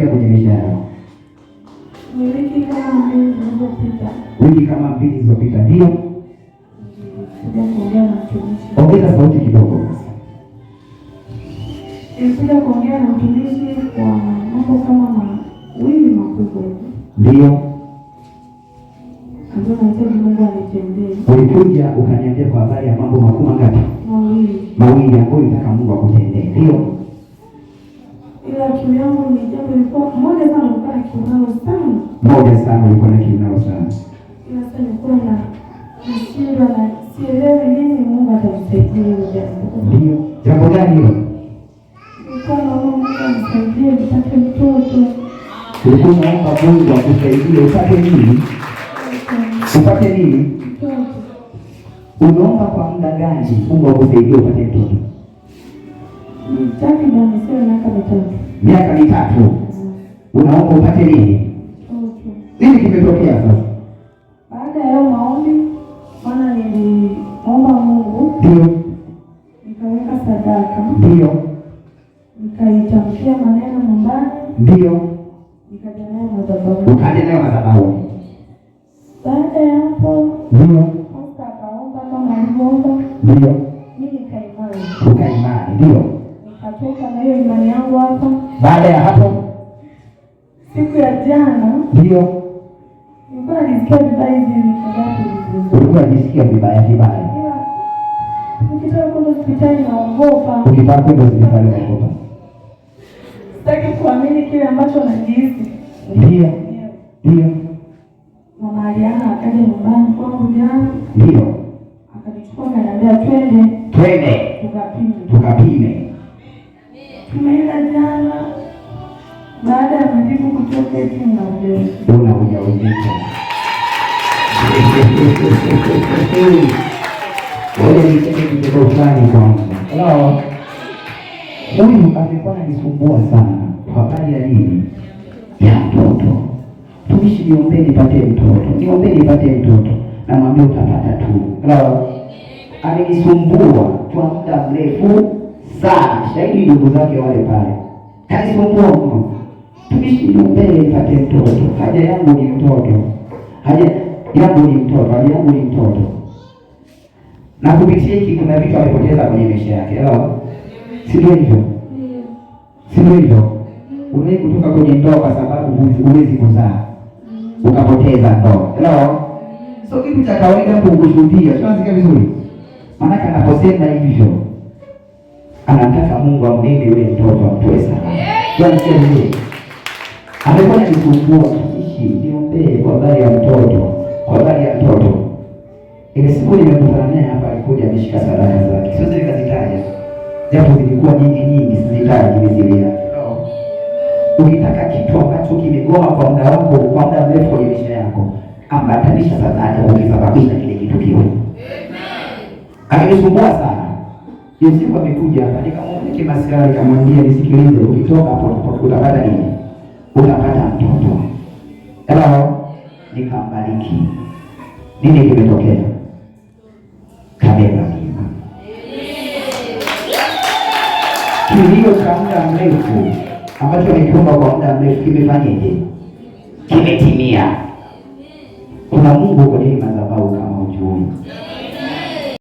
unaelekea kwenye maisha yako? Wiki kama mbili zilizopita, ndio. Ongeza sauti kidogo. Nilikuja kuongea na mtumishi kwa mambo kama mawili makubwa. Ndio. Ulikuja ukaniambia kwa habari ya mambo makubwa ngapi? Mawili. Mawili ambayo nataka Mungu akutendee. Ndio ila kiu yangu nijapo moja sana, nilikuwa na kiu nao sana, Ndio jambo gani hilo? Ulikuwa naomba Mungu akusaidie upate nini? Upate nini? Unaomba kwa muda gani Mungu akusaidie upate mtoto? sio miaka mitatu, miaka mitatu unaomba upate nini? Nini kimetokea sasa? Baada ya maombi bwana, niliomba Mungu, ndio nikaweka sadaka, ndio nikaitamkia maneno nyumbani, ndio nikaja nayo madhabahu, ukaja madhabahu. Baada ya hapo, ndio sasa akaomba kama alivyoomba, ndio nimeweka na hiyo imani yangu hapa. Baada ya hapo, siku ya jana ndio nilikuwa najisikia vibaya hivi, nikaanza kujizuia. vibaya vibaya, nikitaka kwenda hospitali naogopa, ukitaka kwenda hospitali naogopa, sitaki kuamini kile ambacho najihisi. Ndio ndio, mama Aliana akaja nyumbani kwangu jana, ndio akanichukua akaniambia twende, twende tukapime, tukapime tumeenda jana baada ya kujibu kutoka eti na ujauzito. Una ujauzito. Wewe ni kitu kidogo fulani kwanza. Hello. Huyu alikuwa ananisumbua sana. Habari ya nini? Ya mtoto. Tumishi, niombe nipate mtoto. Niombe nipate mtoto. Na mwambie utapata tu. Hello. Amenisumbua kwa muda mrefu sana, shahidi ndugu zake wale pale, kazisumbua mno, tumeshindwa mbele, nipate mtoto. Haja yangu ni mtoto, haja yangu ni mtoto, haja yangu ni mtoto. Na kupitia hiki kuna vitu amepoteza kwenye maisha yake, sivyo hivyo? Sivyo hivyo? Unaweza kutoka kwenye ndoa kwa sababu huwezi kuzaa ukapoteza ndoa. Hello? So kitu cha kawaida huko kushuhudia. Tunaanzika vizuri. Maana anaposema hivyo anataka Mungu amlinde yule mtoto amtoe salama. Amekuwa nikikumbua hiki, niombee kwa habari ya mtoto, kwa habari ya mtoto. Ile siku nimekutana naye hapa, alikuja ameshika sadaka zake, siwezi nikazitaja japo zilikuwa nyingi nyingi, sizitaji mizilia. Ukitaka kitu ambacho kimegoa kwa muda wako, kwa muda mrefu kwenye maisha yako, ambatanisha sadaka, ukisababisha kile kitu kiwe. Akinisumbua sana Yosefu amekuja katika mwanamke maskara, akamwambia nisikilize, ukitoka hapo utapata nini? Utapata mtoto. Hello, nikambariki. Nini kimetokea? Kabeba mimba. Kilio cha muda mrefu ambacho nikiomba kwa muda mrefu kimefanyaje? Kimetimia. Kuna Mungu kwenye madhabahu kama ujui